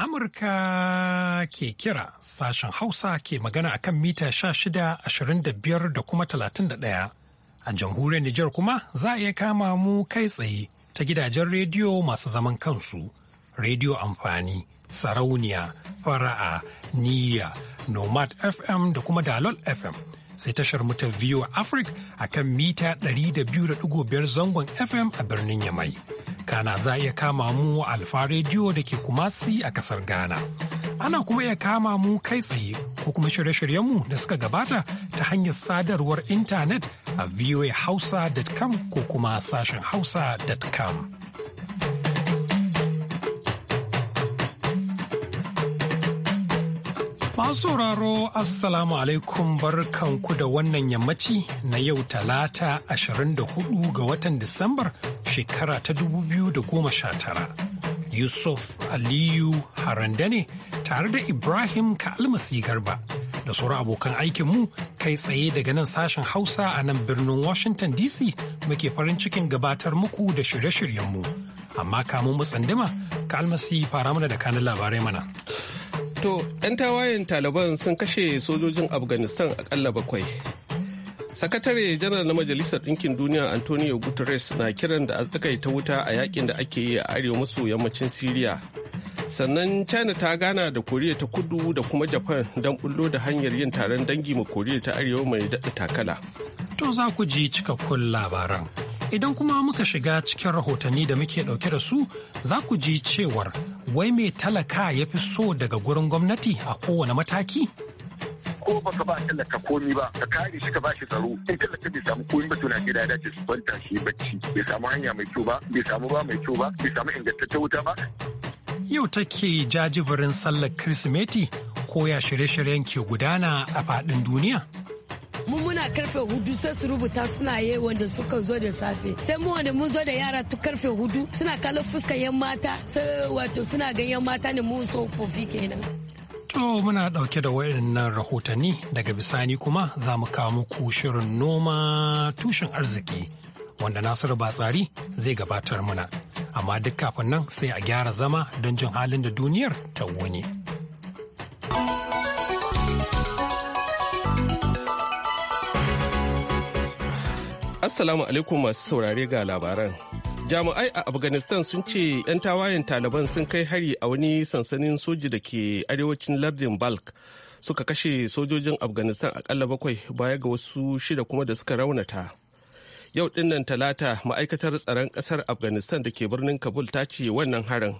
Amurka ke kira sashen Hausa ke magana a kan mita 1625 da kuma 31. A jamhuriyar Nijar kuma za a iya kama mu kai tsaye ta gidajen rediyo masu zaman kansu, rediyo amfani, sarauniya, fara'a, niyya, nomad FM da kuma dalol FM. Sai tashar mu ta VOA Africa kan mita 200.5 zangon FM a birnin Yamai. Kana za iya kama mu a Alfa Radio da ke Kumasi a kasar Ghana. Ana kuma iya kama mu kai tsaye ko kuma shirye-shiryenmu da suka gabata ta hanyar sadarwar intanet a voahausa.com ko kuma sashen hausa.com. Masu sauraro Assalamu alaikum barkanku da wannan yammaci na yau talata 24 ga watan Disambar shekara ta 2019. Yusuf Aliyu Haranda ne tare da Ibrahim Kalmasi Garba da sauran abokan aikinmu kai tsaye daga nan sashen Hausa a nan birnin Washington DC muke farin cikin gabatar muku da shirye-shiryenmu. Amma kamun mu tsandima, Kalmasi fara mana da kanin labarai mana. To, 'yan tawayen Taliban sun kashe sojojin Afghanistan akalla bakwai. Sakatare janar na Majalisar Ɗinkin Duniya Antonio Guterres na kiran da ta wuta a yakin da ake yi a arewa maso yammacin Siriya. Sannan China ta gana da Koriya ta kudu da kuma Japan don bullo da hanyar yin taron dangi ma Koriya ta arewa mai daɗa takala. To za ku ji cikakkun labaran. Idan kuma muka shiga cikin rahotanni da muke ɗauke da su, za ku ji cewar wai mai talaka ya fi so daga gurin gwamnati a kowane mataki? ko ba ka ba tallata komi ba ka kare shi ka bashi tsaro in tallata bai samu komi ba to gida da dace su kwanta shi bacci bai samu hanya mai kyau ba bai samu ba mai kyau ba bai samu ingantaccen wuta ba yau take jajibirin sallar kirsimeti ko ya shirye-shiryen ke gudana a faɗin duniya mun muna karfe hudu sai su rubuta suna yi wanda suka zo da safe sai mu wanda mun zo da yara tu karfe hudu suna kalon fuskar yan mata sai wato suna gan yan mata ne mu tsofaffi kenan To muna dauke da wayannan rahotanni daga bisani kuma za mu kawo muku shirin noma tushen arziki wanda Nasiru Batsari zai gabatar muna. Amma duk kafin nan sai a gyara zama don jin halin da duniyar ta wuni. Assalamu alaikum masu saurare ga labaran. Jami'ai a Afghanistan sun ce 'yan tawayen Taliban sun kai hari a wani sansanin soji da ke arewacin lardin Balk. Suka kashe sojojin Afghanistan akalla bakwai baya ga wasu shida kuma da suka raunata. Yau dinnan talata ma'aikatar tsaron ƙasar Afghanistan da ke birnin Kabul ta ce wannan harin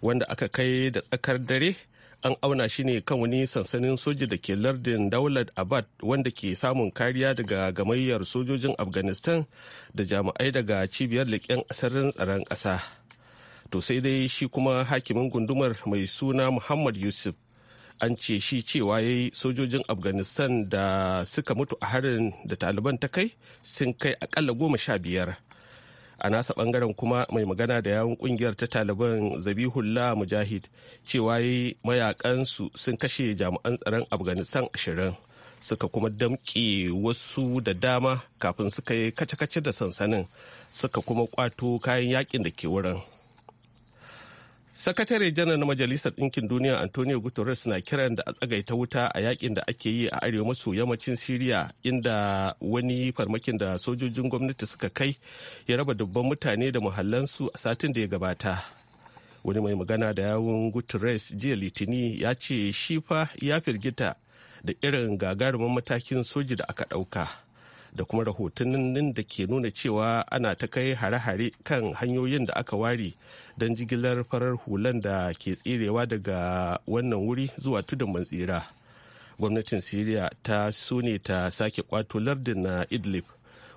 wanda aka kai da tsakar dare an auna shi ne kan wani sansanin soji da ke lardin daular abad wanda ke samun kariya daga gamayyar sojojin afghanistan da jami'ai daga cibiyar leƙen asirin tsaron ƙasa to sai dai shi kuma hakimin gundumar mai suna muhammad yusuf an ce shi cewa ya yi sojojin afghanistan da suka mutu a harin da taliban ta kai sun kai akalla goma sha biyar a nasa bangaren kuma mai magana da yawun kungiyar ta taliban zabihullah mujahid cewa yi mayakansu sun kashe jami'an tsaron afghanistan ashirin suka kuma damƙe wasu da dama kafin suka yi kace-kace da sansanin suka kuma kwato kayan yakin da ke wurin sakatare janar na majalisar ɗinkin duniya antonio guterres na kiran da a tsagaita wuta a yakin da ake yi a arewa maso yammacin syria inda wani farmakin da sojojin gwamnati suka kai ya raba dubban mutane da muhallansu a satin da ya gabata wani mai magana da yawun guterres jiya litini ya ce shi fa ya firgita da irin gagarumin matakin soji da aka ɗauka da kuma rahotannin da ke nuna cewa ana ta kai hare-hare kan hanyoyin da aka ware don jigilar farar hulan da ke tserewa daga wannan wuri zuwa tudun tsira gwamnatin syria ta so ta sake kwato lardin na idlib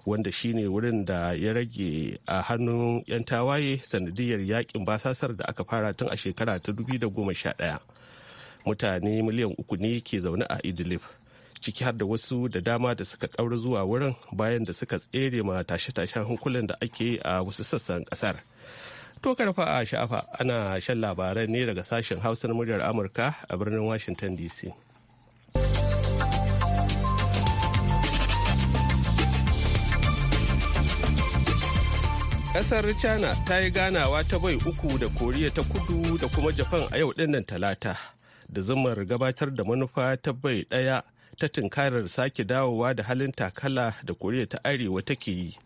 wanda shine wurin da ya rage a hannun 'yan tawaye sanadiyar yakin basasar da aka fara tun a shekara ta 2011 mutane miliyan uku ne ke zaune a idlib ciki har da wasu da dama da suka kaura zuwa wurin bayan da suka tsere ma tashe-tashen hankulan da ake a wasu sassan kasar. To karfa a sha'afa ana shan labaran ne daga sashen Hausa na muryar Amurka a birnin Washington DC. Ƙasar china ta yi ganawa ta bai uku da koriya ta kudu da kuma japan a yau dinnan talata da zumar gabatar da manufa ta bai daya ta tunkarar sake dawowa da halin takala da koriya ta arewa take yi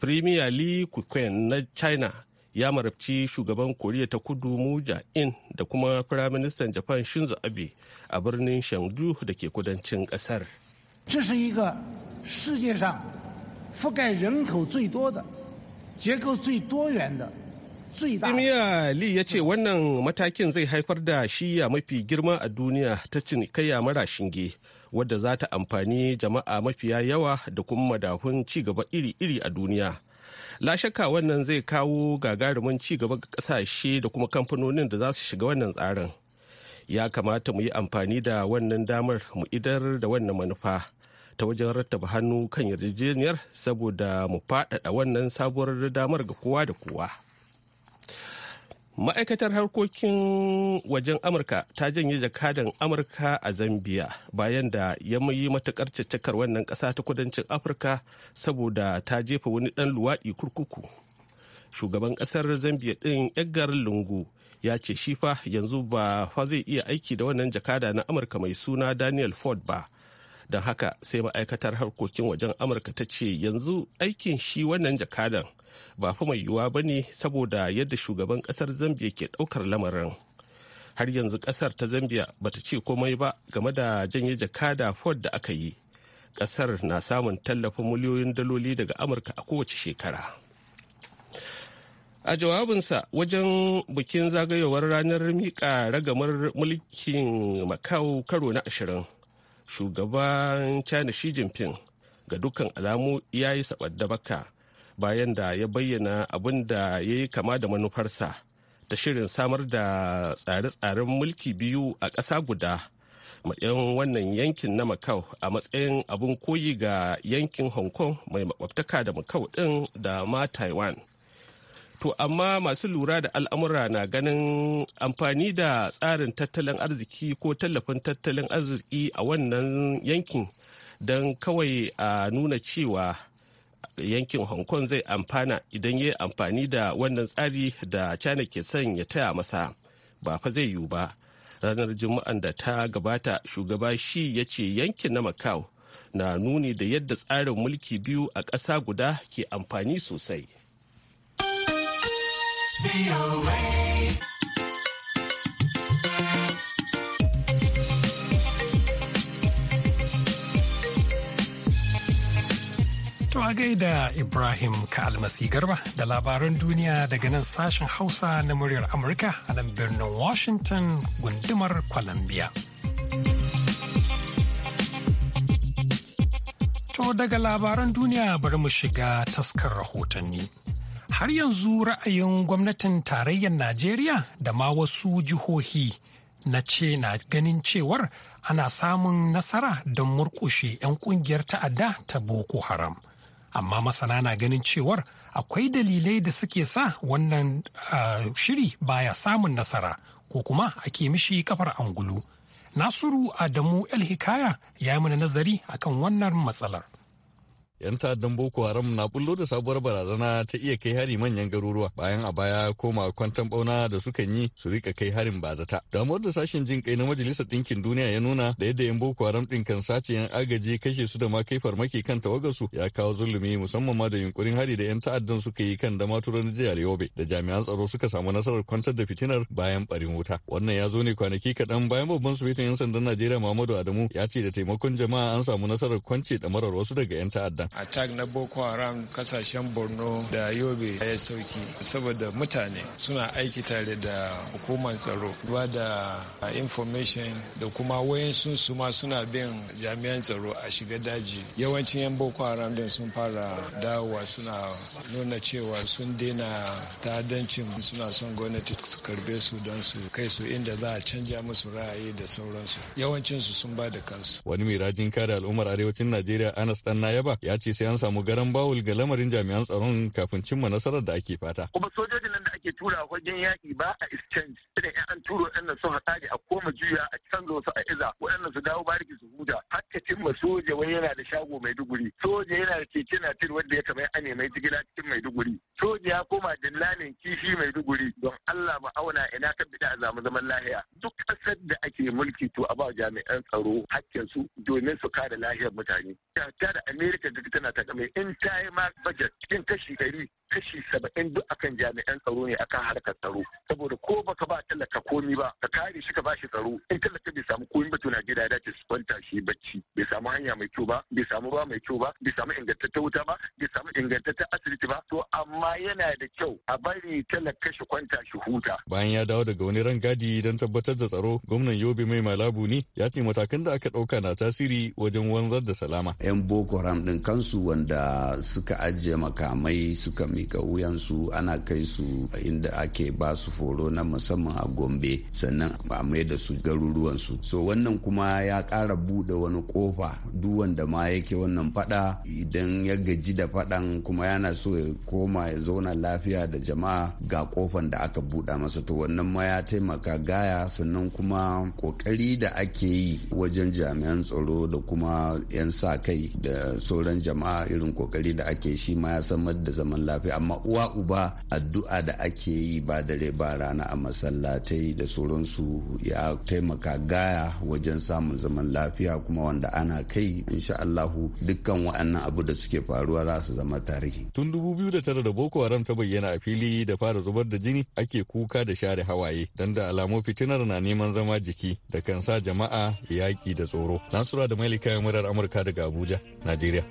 premier li kukwen na china ya marabci shugaban koriya ta kudu muja in da kuma firaministan japan shinzo abe a birnin shangju da ke kudancin kasar Jimiya Li ya ce wannan matakin zai haifar da shiya mafi girma a duniya ta cinikayya mara shinge wadda za ta amfani jama'a mafiya yawa da kuma madafun gaba iri-iri a duniya. La shakka wannan zai kawo gagarumin gaba ga kasashe da kuma kamfanonin da za su shiga wannan tsarin. Ya kamata mu yi amfani da wannan damar mu idar da wannan manufa ta wajen rattaba hannu kan yarjejeniyar saboda mu faɗaɗa wannan sabuwar damar ga kowa da kowa. ma'aikatar harkokin wajen amurka ta janye jakadan amurka a zambia bayan da ya yi matukar wannan ƙasa ta kudancin afirka saboda ta jefa wani ɗan luwaɗi kurkuku shugaban ƙasar zambia ɗin edgar lungu ya ce shi fa yanzu ba fa zai iya aiki da wannan jakada na amurka mai suna daniel ford ba don haka sai ma'aikatar harkokin wajen amurka ta ce yanzu aikin shi wannan jakadan ba fa mai yiwuwa ba ne saboda yadda shugaban kasar zambia ke daukar lamarin har yanzu kasar ta zambia ba ta ce komai ba game da janye jakada ford da aka yi kasar na samun tallafin miliyoyin daloli daga amurka a kowace shekara a jawabinsa wajen bikin zagayowar ranar miƙa ragamar mulkin makau karo na ashirin shugaban china shi jinping ga dukkan alamu ya yi sabadda baka bayan da ya bayyana abin da ya yi kama da manufarsa ta shirin samar da tsare-tsaren mulki biyu a ƙasa guda yan wannan yankin na makau a matsayin abin koyi ga yankin hong kong mai makwabtaka da makau ɗin da ma taiwan to amma masu lura da al'amura na ganin amfani da tsarin tattalin arziki ko tallafin tattalin arziki a wannan yankin don kawai a nuna cewa yankin hong kong zai amfana idan ya amfani da wannan tsari da china ke son ya taya masa ba fa zai yiwu ba ranar juma'an da ta gabata shugaba shi ya ce yankin na macau na nuni da yadda tsarin mulki biyu a ƙasa guda ke amfani sosai. To a gaida Ibrahim ka almasi Garba da labaran duniya daga nan sashen Hausa na muryar Amurka a nan birnin Washington gundumar Columbia. To daga labaran duniya bari mu shiga taskar rahotanni. Har yanzu ra'ayin gwamnatin tarayyar Najeriya da ma wasu jihohi na ce na ganin cewar ana samun nasara don murƙushe 'yan ƙungiyar ta'adda ta Boko Haram. amma masana na ganin cewar akwai dalilai da suke sa wannan shiri baya samun nasara ko kuma ake mishi kafar angulu nasiru adamu el hikaya ya yi mana nazari akan wannan matsalar 'yan ta'addan boko haram na bullo da sabuwar barazana ta iya kai hari manyan garuruwa bayan a baya koma kwantan bauna da sukan yi su rika kai harin bazata damuwar da sashen jin kai na majalisar ɗinkin duniya ya nuna da yadda 'yan boko haram ɗin kan sace 'yan agaji kashe su da ma kai farmaki kan tawagarsu ya kawo zulumi musamman ma da yunkurin hari da 'yan ta'addan suka yi kan dama turan jihar yobe da jami'an tsaro suka samu nasarar kwantar da fitinar bayan barin wuta wannan ya zo ne kwanaki kaɗan bayan babban sufetin 'yan sandan najeriya muhammadu adamu ya ce da taimakon jama'a an samu nasarar kwance ɗamarar wasu daga 'yan ta'addan attack na boko haram kasashen borno da yobe ya sauki saboda mutane suna aiki tare da hukumar tsaro ba da information da kuma wayansu su ma suna bin jami'an tsaro a shiga daji yawancin yan boko haram din sun fara dawowa suna nuna cewa sun daina ta'addancin suna son gwamnati su karbe su don su kai su inda za a canja musu ra'ayi da sauransu yawancinsu sun ba da kansu wani mai rajin kare al'ummar arewacin najeriya anas dan nayaba ya ce sai an samu garan bawul ga lamarin jami'an tsaron kafin cimma nasarar da ake fata. Kuma sojojin ake tura wajen yaƙi ba a exchange da in an turo ɗan sun haƙari a koma juya a canza su a iza waɗannan su dawo bariki su huta. har ka cimma soja wani yana da shago mai duguri soja yana da keke na tin wanda ya kamar ane mai jigila cikin mai duguri soja ya koma dillalin kifi mai duguri don Allah ba auna ina ka bida a zama zaman lahiya duk ƙasar da ake mulki to a ba jami'an tsaro hakkin su domin su kare lahiyar mutane ta da amerika duk tana ta kamar in ta yi ma budget cikin kashi ɗari kashi saba'in duk akan jami'an tsaro ne akan harkar tsaro saboda ko baka ba talaka komi ba ka kare shi ka bashi tsaro in talaka bai samu komi ba to ya dace su kwanta shi bacci bai samu hanya mai kyau ba bai samu ba mai kyau ba bai samu ingantatta wuta ba bai samu ingantatta asibiti ba to amma yana da kyau a bari talaka shi kwanta shi huta bayan ya dawo daga wani gadi don tabbatar da tsaro gwamnan Yobe mai malabu ne ya ce matakan da aka ɗauka na tasiri wajen wanzar da salama yan boko haram din kansu wanda suka ajiye makamai suka mi mika wuyansu ana kai su inda ake ba su foro na musamman a gombe sannan a mai da su garuruwansu so wannan kuma ya ƙara buɗe wani ƙofa, duk wanda ma yake wannan fada idan ya gaji da fadan kuma yana so ya koma ya zauna lafiya da jama'a ga ƙofan da aka buɗa masa to wannan ma ya taimaka gaya sannan kuma kokari da ake yi wajen jami'an tsaro da kuma 'yan sa kai da sauran jama'a irin kokari da ake shi ma ya samar da zaman lafiya amma uwa uba addu'a da ake yi ba dare ba rana a masallatai da sauransu ya taimaka gaya wajen samun zaman lafiya kuma wanda ana kai insha Allahu dukkan wa'annan abu da suke faruwa za su zama tarihi. Tun tara da Boko Haram ta bayyana a fili da fara zubar da jini ake kuka da share hawaye don da alamu fitinar na neman zama jiki da kan sa jama'a yaƙi da tsoro. Nasura da Malika Yamurar Amurka daga Abuja, Najeriya.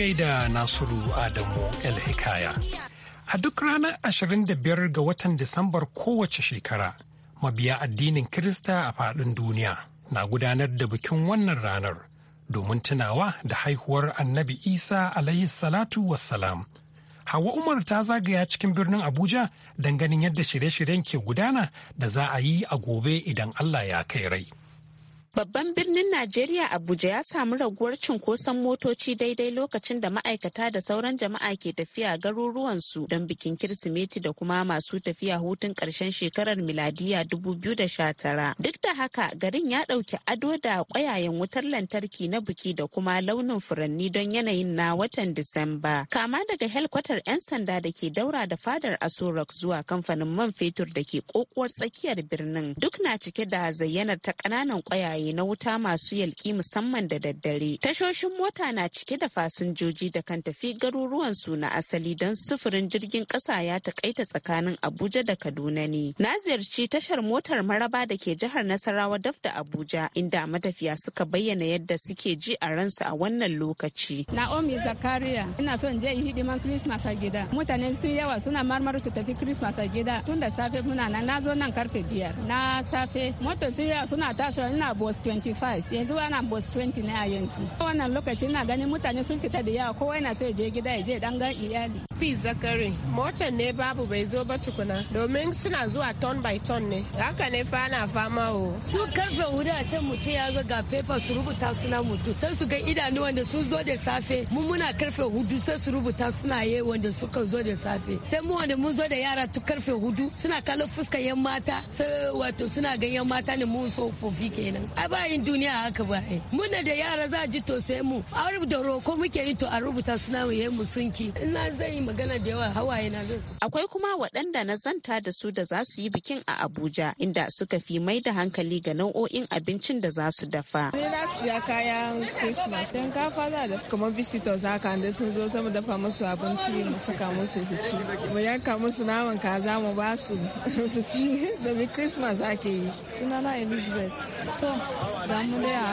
gaida Nasiru Adamu El Hikaya. A duk ranar 25 ga watan Disambar kowace shekara, mabiya addinin Kirista a faɗin duniya na gudanar da bikin wannan ranar domin tunawa da haihuwar annabi Isa alayhi salatu wassalam. Hawa Umar ta zagaya cikin birnin Abuja don ganin yadda shirye-shiryen ke gudana da za a yi a gobe idan Allah ya kai rai. Babban birnin Najeriya Abuja ya samu raguwar cunkoson motoci daidai lokacin da ma'aikata da sauran jama'a ke tafiya garuruwansu don bikin Kirsimeti da kuma masu tafiya hutun ƙarshen shekarar miladiya 2019. Duk da haka garin ya ɗauki ado da ƙwayayen wutar lantarki na biki da kuma launin furanni don yanayin na watan Disamba. Kama daga helkwatar 'yan sanda da ke daura da fadar Asorok zuwa kamfanin man fetur da ke ƙoƙuwar tsakiyar birnin duk na cike da zayyanar ta ƙananan ƙwayayen na wuta masu yalki musamman da daddare. Tashoshin mota na cike da fasinjoji da kan tafi garuruwan su na asali don sufurin jirgin kasa ya takaita tsakanin Abuja da Kaduna ne. Na ziyarci tashar motar maraba da ke jihar Nasarawa daf da Abuja inda matafiya suka bayyana yadda suke ji a ransu a wannan lokaci. Naomi Zakaria ina son je in hidiman Christmas a gida. Mutane sun yawa suna marmar su tafi Christmas a gida tun da safe muna nan na zo nan karfe biyar na safe motar sun yawa suna tashi ina bo bus 25 yanzu ana bus 20 ne a yanzu wannan lokaci na ganin mutane sun fita da yawa kowa yana so ya je gida ya je dan ga iyali fi zakari motar ne babu bai zo ba tukuna domin suna zuwa ton by ton ne haka ne fa na fama o su karfe hudu a can mutum ya zo ga paper su rubuta suna mutu sai su ga idanu wanda sun zo da safe mun muna karfe hudu sai su rubuta ye wanda suka zo da safe sai mu wanda mun zo da yara tu karfe hudu suna kallon fuskar yan mata sai wato suna ga yan mata ne mun so tsofaffi kenan ai ba yin duniya haka ba ai muna da yara za ji to mu a rubuta roko muke yi to a rubuta suna mu mu sunki ina zai yi magana da yawa hawaye na zai akwai kuma waɗanda na zanta da su da za su yi bikin a Abuja inda suka fi mai da hankali ga nau'o'in abincin da za su dafa ni na siya kayan Christmas don kafa za da kamar visitors haka da sun zo sama dafa musu abinci mu saka musu su ci mu yanka musu naman kaza mu ba su su ci da Christmas ake yi sunana Elizabeth da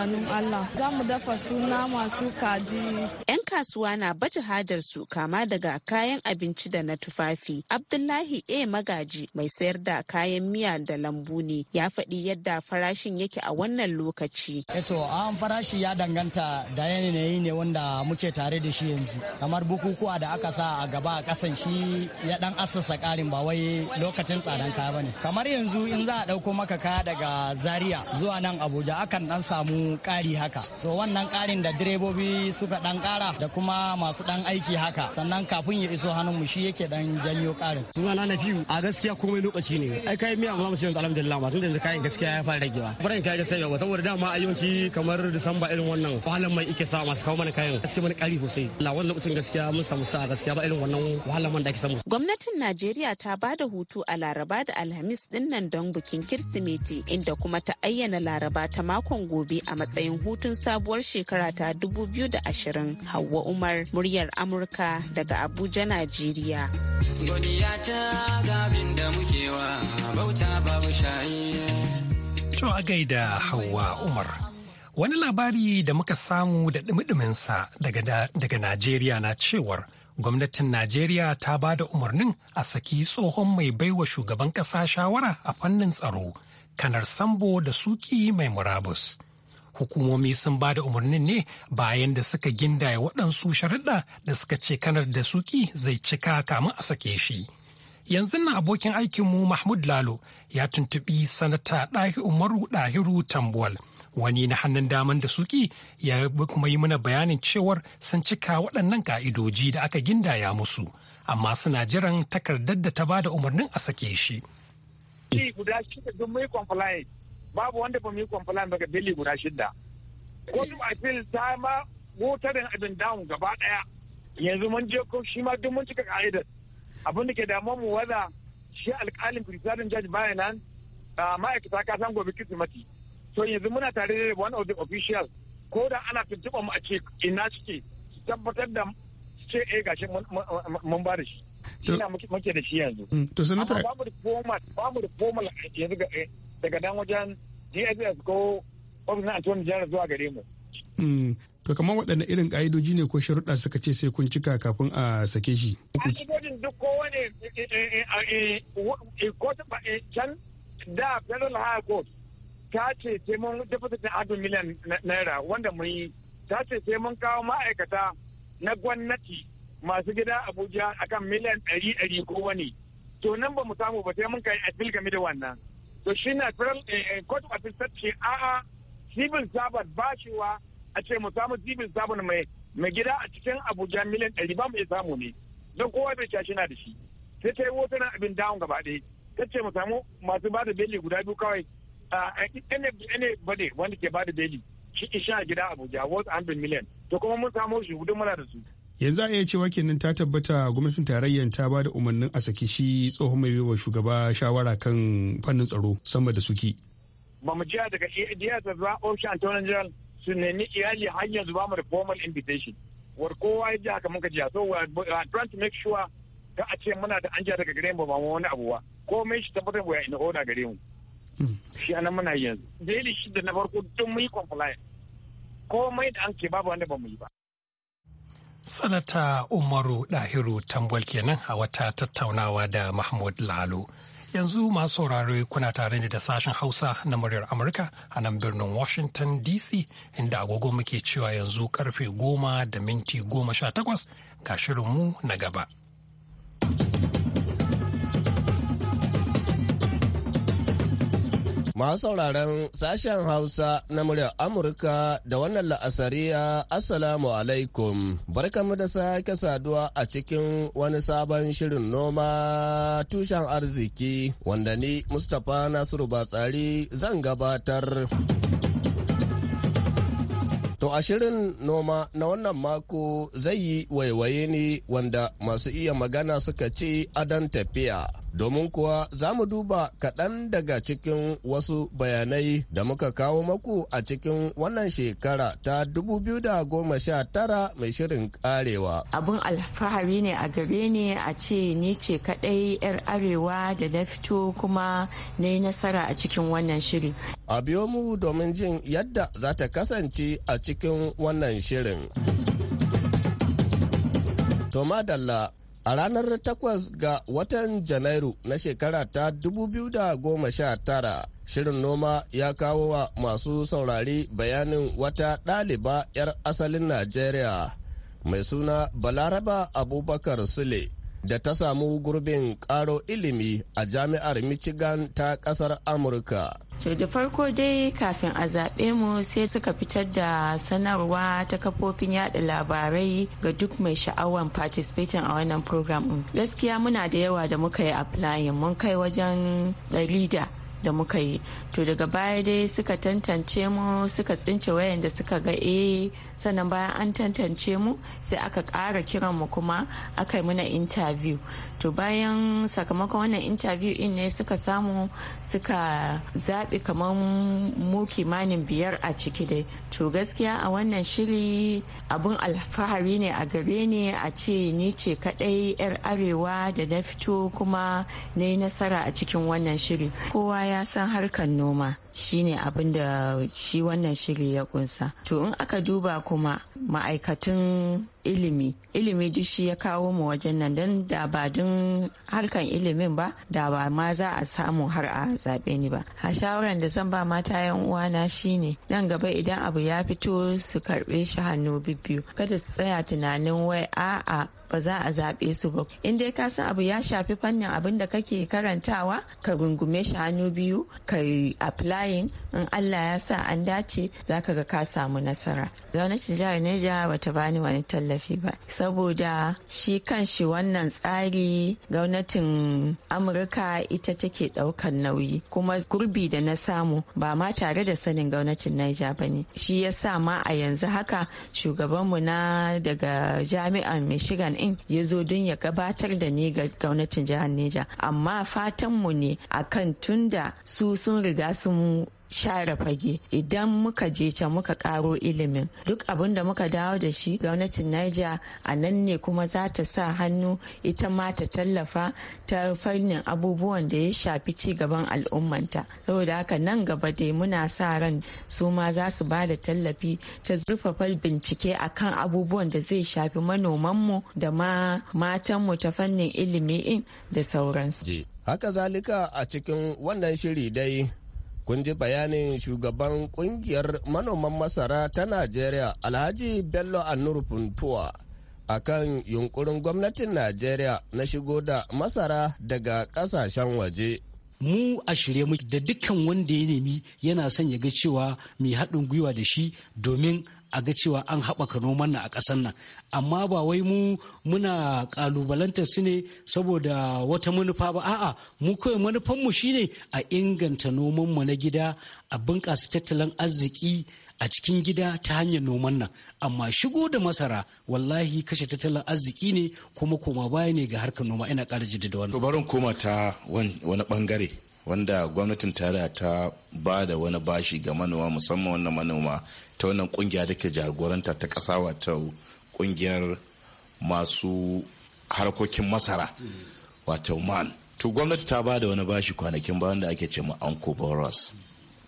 mu Allah za dafa suna masu kaji. 'Yan kasuwa na baje hajar su kama daga kayan abinci da na tufafi. Abdullahi A magaji mai sayar da kayan miya da lambu ne ya faɗi yadda farashin yake a wannan lokaci. Eto eh an farashi ya danganta da yanayi ne wanda muke tare da shi yanzu. Kamar bukukuwa da aka sa a gaba a kasan shi ya dan asasa ƙarin ba wai lokacin tsadan kaya ba ne. Kamar yanzu in za a ɗauko maka kaya daga Zaria zuwa nan Abuja abuja akan dan samu ƙari haka so wannan ƙarin da direbobi suka dan ƙara da kuma masu dan aiki haka sannan kafin ya iso hannun mu shi yake dan janyo ƙarin sunana na fiyu a gaskiya komai lokaci ne ai kai miya ba mu ce alhamdulillah ma tun da kayan gaskiya ya fara ragewa barin kayan gaskiya ba saboda dama ayyuci kamar disamba irin wannan Wahalar mai ike sa masu kawo mana kayan gaskiya mana ƙari sosai la wannan lokacin gaskiya mun samu sa gaskiya ba irin wannan wahalar man da ake samu gwamnatin najeriya ta ba da hutu a laraba da alhamis dinnan don bikin kirsimeti inda kuma ta ayyana laraba ta ta makon gobe a matsayin hutun sabuwar shekara ta 2020 Hauwa Umar muryar Amurka daga Abuja, Najeriya. To a gaida Hauwa Umar. Wani labari da muka samu da ɗumi daga Najeriya na cewar gwamnatin Najeriya ta ba da umarnin a saki tsohon mai baiwa shugaban ƙasa shawara a fannin tsaro kanar sambo da suki mai murabus hukumomi sun ba da umarnin ne bayan da suka gindaya waɗansu sharaɗa da suka ce kanar da suki zai cika kamun a sake shi yanzu na abokin aikinmu mahmud lalo ya tuntuɓi sanata ɗahi umaru ɗahiru tambuwal wani na hannun daman da suki ya kuma yi mana bayanin cewar sun cika waɗannan ka'idoji da aka gindaya musu amma suna jiran takardar da ta ba da umarnin a sake shi Bili guda shida sun mai compliant babu wanda ba mu yi compliant ba guda shida. Kotu appeal ta ma motarin abin down gaba daya yanzu mun je ko shi ma duk mun cika ka'idar abin da ke damuwa mu wada shi alkalin presiding judge bayan nan ma'aikata ka san gobe kirsimati to yanzu muna tare da one of the officials ko da ana tuntuɓa mu a ce ina suke su tabbatar da su ce eh gashi mun ba da shi shi muke da shi yanzu mm, to ba mu da formal babu da formal yanzu eh, daga dan wajen DSS ko ofishin Attorney General zuwa gare mu mm, to kamar waɗanne irin ƙa'idoji ne ko sharuɗa suka ce sai kun cika kafin a sake shi. Ƙa'idojin duk kowane can da federal high court ta ce sai mun deficit na adun miliyan naira wanda mun yi ta ce sai mun kawo ma'aikata na gwamnati masu gida abuja akan miliyan ɗari ɗari ko wani to nan ba mu samu ba sai mun kai appeal game da wannan to shi na eh, eh, court of appeal ce a'a civil servant ba wa a ce mu samu civil servant mai mai gida a cikin abuja miliyan ɗari ba mu iya samu ne don kowa bai shi na da shi sai ta yi wata nan abin dawon gaba ɗaya ta ce mu samu masu bada da beli guda biyu kawai a ne bade wanda ke ba da beli shi a gida abuja wasu an million to kuma mun samu shi hudu muna da su yanzu a iya cewa kenan ta tabbata gwamnatin tarayyar ta ba da umarnin a saki shi tsohon mai wa shugaba shawara kan fannin tsaro sama da suki ba mu jiya daga iya da za a shi antonin jiran su nemi iyali hanyar zuba mu da formal invitation war kowa ya ji haka muka jiya so we are trying to make sure ka a ce muna da an jiya daga gare mu ba mu wani abuwa mai shi tabbatar mu ya ina na gare mu shi anan muna yanzu daily shi da na farko duk mu yi komai da an ke babu wanda ba mu yi ba sanata umaru ɗahiru tambol kenan a wata tattaunawa da mahmud lalo yanzu masu sauraro kuna tare ne da sashen hausa na muryar amurka a nan birnin washington dc inda agogo muke cewa yanzu karfe goma da minti goma sha takwas ga shirinmu na gaba. Masu sauraron sashen Hausa na muryar Amurka da wannan la'asariya Assalamu alaikum. Barkanmu da sake saduwa a cikin wani sabon shirin noma tushen arziki wanda ni Mustapha Nasiru Batsari zan gabatar. To a noma na wannan mako zai yi waiwaye ne wanda masu iya magana suka ce adon tafiya. Domin kuwa za mu duba kaɗan daga cikin wasu bayanai da muka kawo maku a cikin wannan shekara ta 2019 mai shirin ƙarewa. Abin alfahari ne a gare ne a ce ni ce kaɗai 'yar arewa da na fito kuma na yi nasara a cikin wannan shiri. a biyo mu domin jin yadda za ta kasance a cikin wannan shirin. Toma Dalla a ranar 8 ga watan Janairu na shekara ta 2019 shirin noma ya kawo wa masu saurari bayanin wata ɗaliba 'yar asalin Najeriya mai suna Balaraba Abubakar Sule da ta samu gurbin karo ilimi a jami'ar michigan ta kasar amurka to da farko dai kafin a zaɓe mu sai suka fitar da sanarwa ta kafofin yada labarai ga duk mai sha'awan participating a wannan program din gaskiya muna da yawa da muka yi applying mun kai wajen ɗari da da muka yi to daga baya dai suka tantance mu suka tsince wayanda suka ga eh sannan bayan an tantance mu sai aka ƙara kiran mu kuma aka yi muna interview to bayan sakamakon wannan interview in ne suka samu suka zaɓi kamar mu kimanin biyar a ciki dai to gaskiya a wannan shiri abun alfahari ne a gare ni a ce ni ce kaɗai 'yar arewa da na fito kuma na yi nasara a cikin wannan shiri kowa ya san harkar noma shine abin da shi wannan shiri ya kunsa to in aka duba kuma ma'aikatun ilimi ilimi duk shi ya kawo mu wajen nan don da ba don harkan ilimin ba da ba ma za a samu har a zaɓe ni ba a shawaran da zan ba mata yan uwana shine nan gaba idan abu ya fito su karɓe shi hannu bibbiyu kada su tsaya tunanin wai a'a ba za a zaɓe su ba in dai ka san abu ya shafi fannin abin da kake karantawa ka rungume shi hannu biyu ka applying in Allah ya sa an dace za ka ga ka samu nasara gwamnatin jihar Neja bata bani wani tallafi ba saboda shi kan shi wannan tsari gwamnatin Amurka ita take ɗaukan nauyi kuma gurbi da na samu ba ma tare da sanin gwamnatin naija ba ne shi ya sa ma a yanzu haka shugabanmu na daga jami'an Michigan in ya zo don ya gabatar da ni ga gwamnatin jihar Neja amma fatan mu ne akan tunda su sun riga sun share fage idan muka je can muka karo ilimin duk abin da muka dawo da shi gwamnatin niger a nan ne kuma za ta sa hannu ita ma ta tallafa ta fannin abubuwan da ya shafi ci gaban al'ummanta saboda haka nan gaba dai muna sa ran su ma za su ba da tallafi ta zurfafa bincike akan abubuwan da zai shafi manomanmu da ma matanmu ta fannin ilimi in da sauransu haka zalika a cikin wannan shiri dai kun ji bayanin shugaban kungiyar manoman masara ta najeriya alhaji bello annur funtuwa a kan yunkurin gwamnatin najeriya na shigo da masara daga kasashen waje mu a shirye mu da dukkan wanda ya nemi yana son ya ga cewa mai haɗin gwiwa da shi domin a ga cewa an haɓaka noman nan a ƙasar nan amma ba wai mu muna ƙalubalanta su ne saboda wata manufa ba a'a mu kawai manufanmu shine a inganta nomanmu na gida a bunƙasa tattalin arziki a cikin gida ta hanyar noman nan amma shigo da masara wallahi kashe tattalin arziki ne kuma koma baya ne ga harkar noma ina ƙara jidda da wannan. to barin koma ta wani bangare wanda gwamnatin tarayya ta ba da wani bashi ga manoma musamman wannan manoma ta wannan kungiya da ke jagoranta ta kasa wato kungiyar masu harkokin masara wato man to gwamnati ta ba da wani bashi kwanakin ba wanda ake ce ma anko boros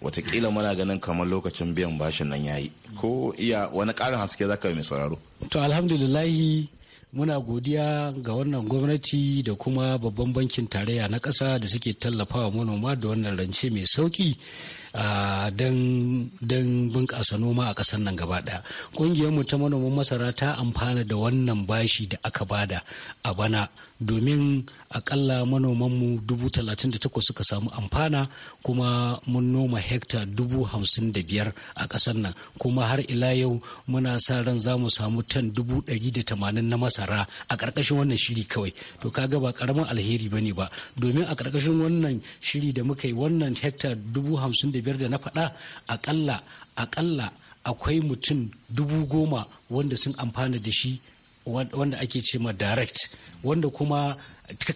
watakila muna ganin kamar lokacin biyan bashin nan yayi ko iya wani karin haske zaka mai sauraro to alhamdulillahi muna godiya ga wannan gwamnati da kuma babban bankin tarayya na ƙasa da suke tallafawa manoma da wannan rance mai sauki don bunƙasa noma a ƙasar nan gaba ɗaya ƙungiyar mu ta manoman masara ta amfana da wannan bashi da aka bada a bana domin aƙalla manomanmu dubu talatin da takwas suka samu amfana kuma mun noma hekta dubu hamsin da biyar a ƙasar nan kuma har ila yau muna sa ran za mu samu tan dubu ɗari da tamanin na masara a ƙarƙashin wannan shiri kawai to kaga ba ƙaramin alheri ba ne ba domin a ƙarƙashin wannan shiri da muka yi wannan hekta dubu hamsin da da na faɗa akalla akalla akwai mutum dubu goma wanda sun amfana da shi wanda ake ce ma direct wanda kuma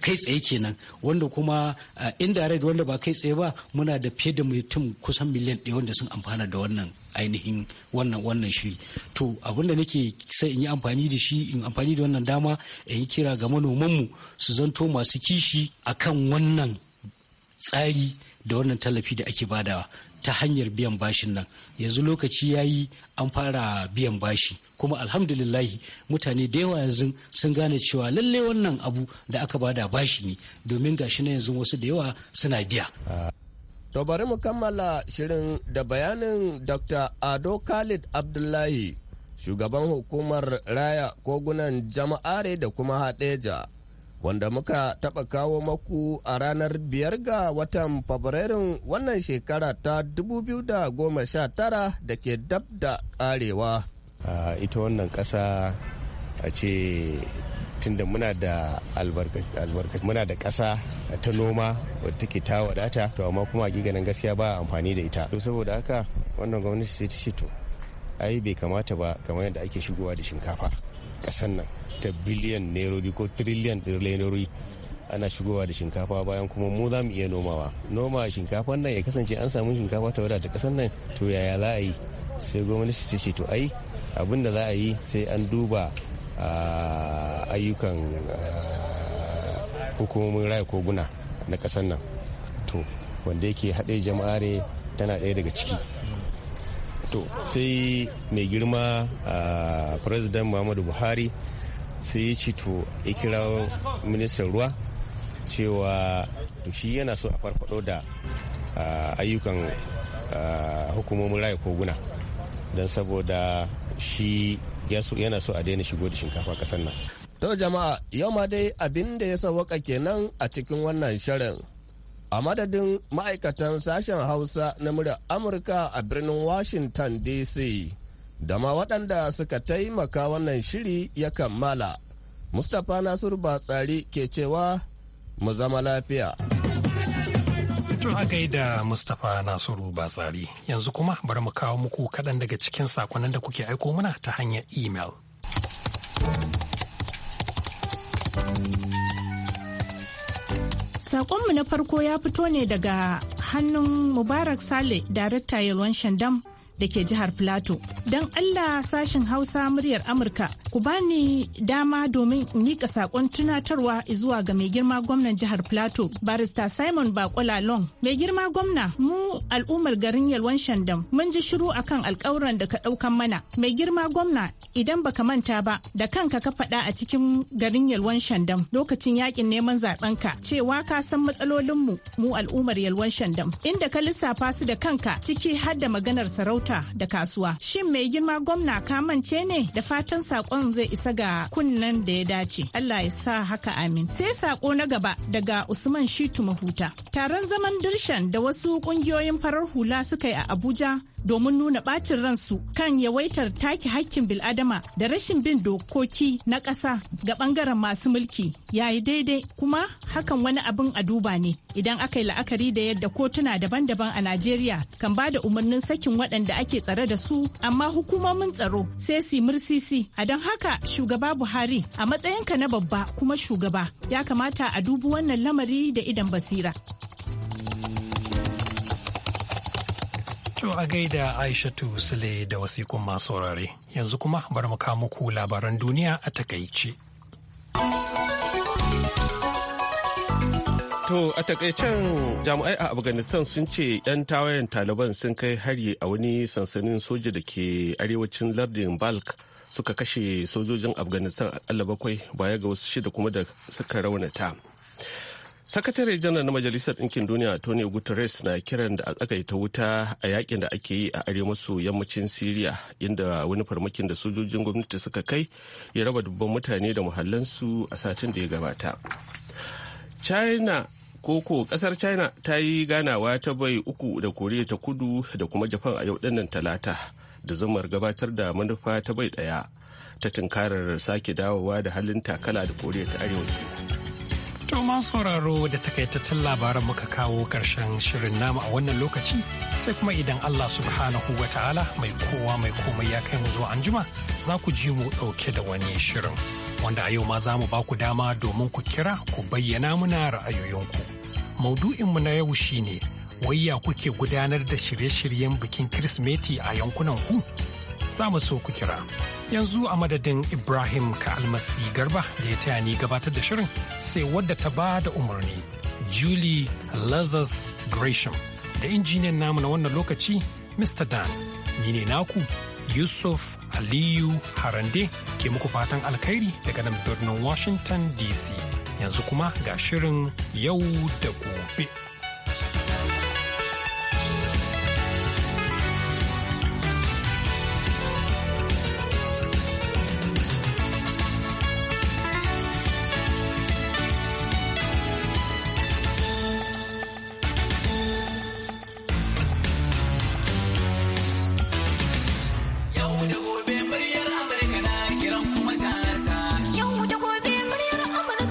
kai tsaye kenan wanda kuma indirect wanda ba kai tsaye ba muna da fiye da mutum kusan miliyan ɗaya wanda sun amfana da wannan ainihin wannan wannan shiri to abinda nake sai in yi amfani da shi in amfani da wannan dama in yi kira ga manomanmu su zanto masu kishi akan wannan tsari da wannan tallafi da ake badawa ta hanyar biyan bashin nan yanzu lokaci ya yi an fara biyan bashi kuma alhamdulillahi mutane da yawa yanzu sun gane cewa lalle wannan abu da aka bada bashi ne domin gashi na yanzu wasu da yawa suna biya to bari mu kammala shirin da bayanin dr ado khalid abdullahi shugaban hukumar raya kogunan jama'are da kuma hadeja. wanda muka taɓa kawo maku a ranar biyar ga watan Fabrairun wannan shekara ta 2019 da ke dab da ƙarewa. ita wannan ƙasa a ce tunda muna da albarka muna da ƙasa ta noma wadda take ta wadata to amma kuma giganin gaskiya ba amfani da ita. To saboda haka wannan gwamnati sai ta ce to ai bai kamata ba kamar yadda ake shigowa da shinkafa ƙasan nan. ta biliyan nerori ko triliyan nerori ana shigowa da shinkafa bayan kuma mu za mu iya nomawa noma shinkafa nan ya kasance an samu shinkafa ta wadata kasar nan to yaya za a yi sai gwamnati ta ce to ai abin da za a yi sai an duba ayyukan hukumomin raya koguna na kasar nan to wanda yake haɗe jama'a ne tana ɗaya daga ciki to sai mai girma president muhammadu buhari sai ya cito ya kira ministan ruwa cewa shi yana so a farfado da ayyukan hukumomin raya koguna don saboda shi yana so a daina shigo da shinkafa kasar nan to jama'a yau ma dai abin da ya sawaka kenan a cikin wannan shirin a madadin ma'aikatan sashen hausa na murya amurka a birnin washington dc da ma waɗanda suka taimaka wannan shiri ya kammala. Mustapha Nasiru Batsari ke cewa mu zama lafiya. To haka yi da Mustapha Nasiru Batsari yanzu kuma bari mu kawo muku kaɗan daga cikin sakonnin da kuke aiko muna ta hanyar email. Sakonmu na farko ya fito ne daga hannun Mubarak Sale, Darakta Yalwan Shandam da ke jihar Plateau. Don Allah sashen Hausa muryar Amurka ku bani dama domin in yi saƙon tunatarwa zuwa ga mai girma gwamnan jihar Plateau barista Simon Bakola Long. Mai girma gwamna mu al'ummar garin Yalwan Shandam mun ji shiru akan alkawuran da ka ɗaukan mana. Mai girma gwamna idan baka manta ba da kanka ka faɗa a cikin garin Yalwan Shandam lokacin yakin neman zaben ka cewa ka san matsalolinmu mu al'ummar Yalwan Shandam inda ka lissafa su da kanka ciki har da maganar sarauta mota da kasuwa. Shin mai girma gwamna ka kamance ne da fatan sakon zai isa ga kunnan da ya dace. Allah ya sa haka amin. Sai sako na gaba daga Usman Shitu Mahuta. Taron zaman dirshan da wasu kungiyoyin farar hula suka yi a Abuja domin nuna bacin ransu kan yawaitar take hakkin biladama da rashin bin dokoki na ƙasa ga bangaren masu mulki yayi daidai kuma hakan wani abin a duba ne idan aka yi la'akari da yadda kotuna daban-daban a Najeriya kan ba da umarnin sakin waɗanda ake tsare da su amma hukumomin tsaro sai su mursisi a don haka shugaba Buhari a matsayinka na babba kuma shugaba ya kamata a dubi wannan lamari da idan basira. To a gaida Aishatu Sule da wasikun masu saurare. Yanzu kuma bari mu kawo muku labaran duniya a takaice. To a takaicen jami'ai a Afghanistan sun ce 'yan tawayen Taliban sun kai hari a wani sansanin soja da ke arewacin lardin Balk suka kashe sojojin Afghanistan akalla bakwai baya ga wasu shida kuma da suka raunata. sakatare janar na majalisar ɗinkin duniya tony guterres na kiran da a tsakaita wuta a yakin da ake yi a arewa yammacin syria inda wani farmakin da sojojin gwamnati suka kai ya raba dubban mutane da muhallansu a satin da ya gabata china koko kasar china ta yi ganawa ta bai uku da koriya ta kudu da kuma japan a yau dinnan talata da zumar gabatar da manufa ta bai daya ta tunkarar sake dawowa da halin takala da koriya ta arewa To sauraro da takaitattun labaran muka kawo karshen shirin namu a wannan lokaci sai kuma idan Allah subhanahu wa ta'ala mai kowa mai komai ya kai mu zuwa anjima za ku ji mu ɗauke da wani shirin. Wanda a yau ma za mu ba ku dama domin ku kira ku bayyana muna ra'ayoyinku. Maudu'inmu na yau shine wai ya kuke gudanar da shirye-shiryen bikin Kirsimeti a yankunan ku? Za mu so ku kira. yanzu a madadin ibrahim ka almasi garba da ya taya ni gabatar da shirin sai wadda ta ba da umarni julie lazarus gresham da injiniyan namu na wannan lokaci mr dan ni ne naku yusuf aliyu harande ke muku fatan alkhairi daga nan birnin washington dc yanzu kuma ga shirin yau da gobe.